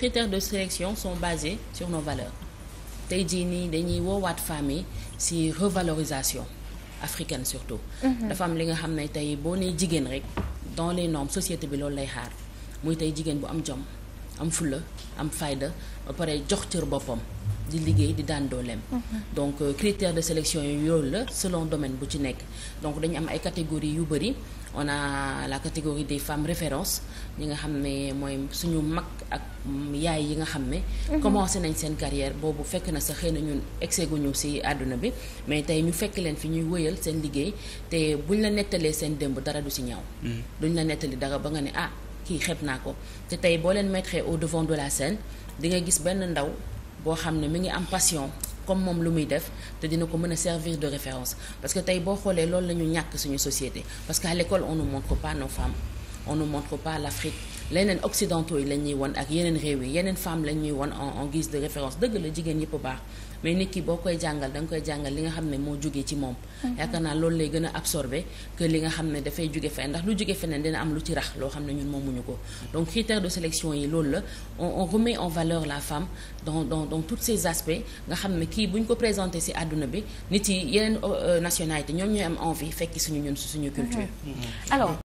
critères de sélection son basés sur nos valeurs tey jii nii dañuy woowaat femmes yi ci revalorisation africaine surtout. Mhm. dafa am li nga xam ne tey boo nee jigéen rek dans le normes société bi loolu lay xaar muy tey jigéen bu am jom am fulla am fayda ba pare jox cër boppam. di liggéey di daan dooleem donc euh, critère de sélection yu yooyu la selon domaine bu ci nekk donc dañu am ay catégories yu bëri on la catégorie des femmes références ñi nga xam ne mooy suñu mag ak yaay yi nga xam ne mhm. commencé nañ seen carrière boobu fekk na sa xëy na ñun exeguñu ci àdduna bi mais tey ñu fekk leen fi ñuy wëyal seen liggéey te buñ la nettalee seen démb dara du ci ñaaw mhm. duñ la nettali dara ba nga ne ah kii xeeb naa ko te tey boo leen mettre au devant de la scène di nga gis benn ndaw boo xam ne mi ngi am passion comme moom lu muy def te dina ko mën a servir de référence parce que tey boo xoolee loolu la ñu ñàkk suñu société parce que à l'école on ne montre pas no femmes on ne montre pas l'Afrique leneen occidentaux yi lañ ñuy won ak yeneen réew yi yeneen femmes lañ ñuy won en en guise de référence dëgg la jigéen yëpp baax mais nit ki boo koy jàngal da koy jàngal li nga xam ne moo jógee ci moom mm-hmm. yaakaar naa loolu lay gën a absorbé que li nga xam ne dafay jóge feneen ndax lu jóge feneen dina am lu ci rax loo xam ne ñun moomuñu ko donc critère de sélection yi loolu la on remet en valeur la femme dans dans dans tous ces aspects nga xam ne kii buñ ko présenté ci àdduna bi nit yi yeneen euh, nationalité ñoom ñooy am envie fekki suñu ñun suñu culture mm-hmm. Mm-hmm. alors